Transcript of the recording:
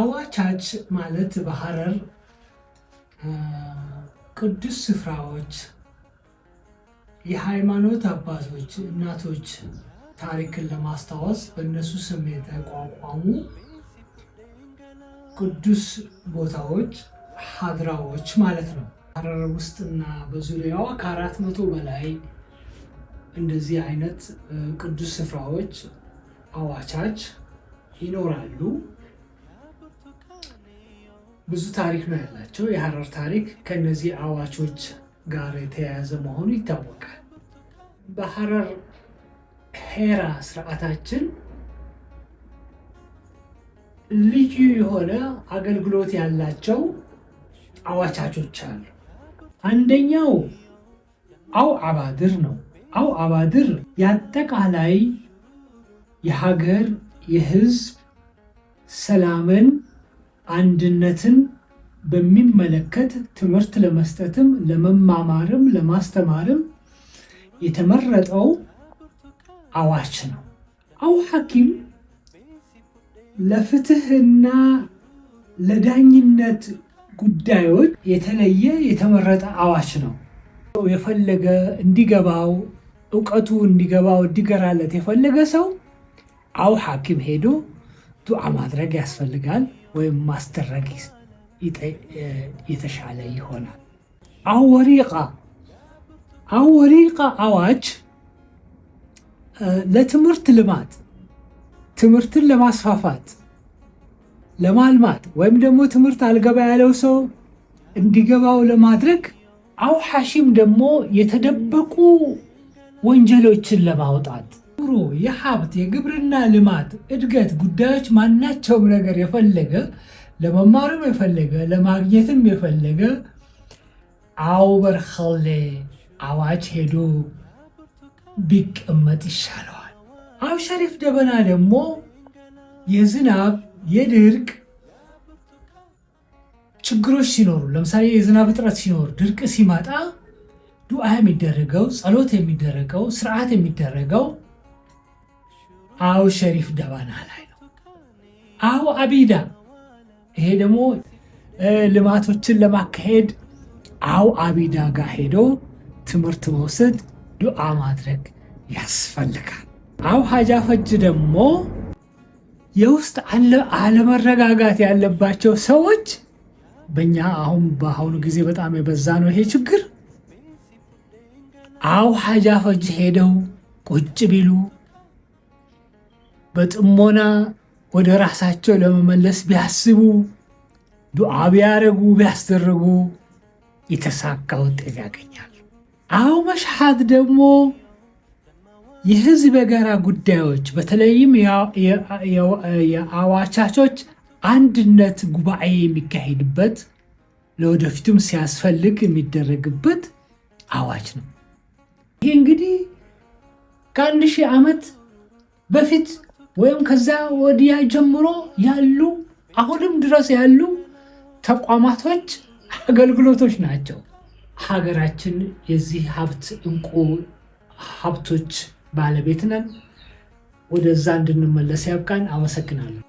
አዋቻች ማለት በሐረር ቅዱስ ስፍራዎች፣ የሃይማኖት አባቶች፣ እናቶች ታሪክን ለማስታወስ በእነሱ ስም የተቋቋሙ ቅዱስ ቦታዎች ሀድራዎች ማለት ነው። ሐረር ውስጥና በዙሪያዋ ከአራት መቶ በላይ እንደዚህ አይነት ቅዱስ ስፍራዎች አዋቻች ይኖራሉ። ብዙ ታሪክ ነው ያላቸው። የሀረር ታሪክ ከነዚህ አዋቾች ጋር የተያያዘ መሆኑ ይታወቃል። በሀረር ሄራ ስርዓታችን ልዩ የሆነ አገልግሎት ያላቸው አዋቻቾች አሉ። አንደኛው አው አባድር ነው። አው አባድር የአጠቃላይ የሀገር የህዝብ ሰላምን አንድነትን በሚመለከት ትምህርት ለመስጠትም ለመማማርም ለማስተማርም የተመረጠው አዋች ነው። አው ሐኪም ለፍትህና ለዳኝነት ጉዳዮች የተለየ የተመረጠ አዋች ነው። የፈለገ እንዲገባው እውቀቱ እንዲገባው እንዲገራለት የፈለገ ሰው አው ሐኪም ሄዶ ዱዓ ማድረግ ያስፈልጋል። ወይም ማስደረግ የተሻለ ይሆናል። አወሪቃ አወሪቃ አዋጅ ለትምህርት ልማት ትምህርትን ለማስፋፋት ለማልማት ወይም ደግሞ ትምህርት አልገባ ያለው ሰው እንዲገባው ለማድረግ አው ሐሺም ደግሞ የተደበቁ ወንጀሎችን ለማውጣት የኑሮ የሀብት የግብርና ልማት እድገት ጉዳዮች ማናቸውም ነገር የፈለገ ለመማርም የፈለገ ለማግኘትም የፈለገ አውበር በርኸሌ አዋጅ ሄዶ ቢቀመጥ ይሻለዋል። አብ ሸሪፍ ደበና ደግሞ የዝናብ የድርቅ ችግሮች ሲኖሩ ለምሳሌ የዝናብ እጥረት ሲኖር ድርቅ ሲመጣ ዱዓ የሚደረገው ጸሎት የሚደረገው ስርዓት የሚደረገው አው ሸሪፍ ደባና ላይ ነው። አው አቢዳ ይሄ ደግሞ ልማቶችን ለማካሄድ አው አቢዳ ጋር ሄዶ ትምህርት መውሰድ፣ ዱዓ ማድረግ ያስፈልጋል። አው ሀጃ ፈጅ ደግሞ የውስጥ አለመረጋጋት ያለባቸው ሰዎች በእኛ አሁን በአሁኑ ጊዜ በጣም የበዛ ነው ይሄ ችግር። አው ሀጃ ፈጅ ሄደው ቁጭ ቢሉ በጥሞና ወደ ራሳቸው ለመመለስ ቢያስቡ፣ ዱዓ ቢያደርጉ፣ ቢያስደርጉ የተሳካ ውጤት ያገኛል። አሁ መሽሃድ ደግሞ የህዝብ የጋራ ጉዳዮች በተለይም የአዋቻቾች አንድነት ጉባኤ የሚካሄድበት ለወደፊቱም ሲያስፈልግ የሚደረግበት አዋጅ ነው። ይሄ እንግዲህ ከአንድ ሺህ ዓመት በፊት ወይም ከዛ ወዲያ ጀምሮ ያሉ አሁንም ድረስ ያሉ ተቋማቶች፣ አገልግሎቶች ናቸው። ሀገራችን የዚህ ሀብት እንቁ ሀብቶች ባለቤት ነን። ወደዛ እንድንመለስ ያብቃን። አመሰግናለሁ።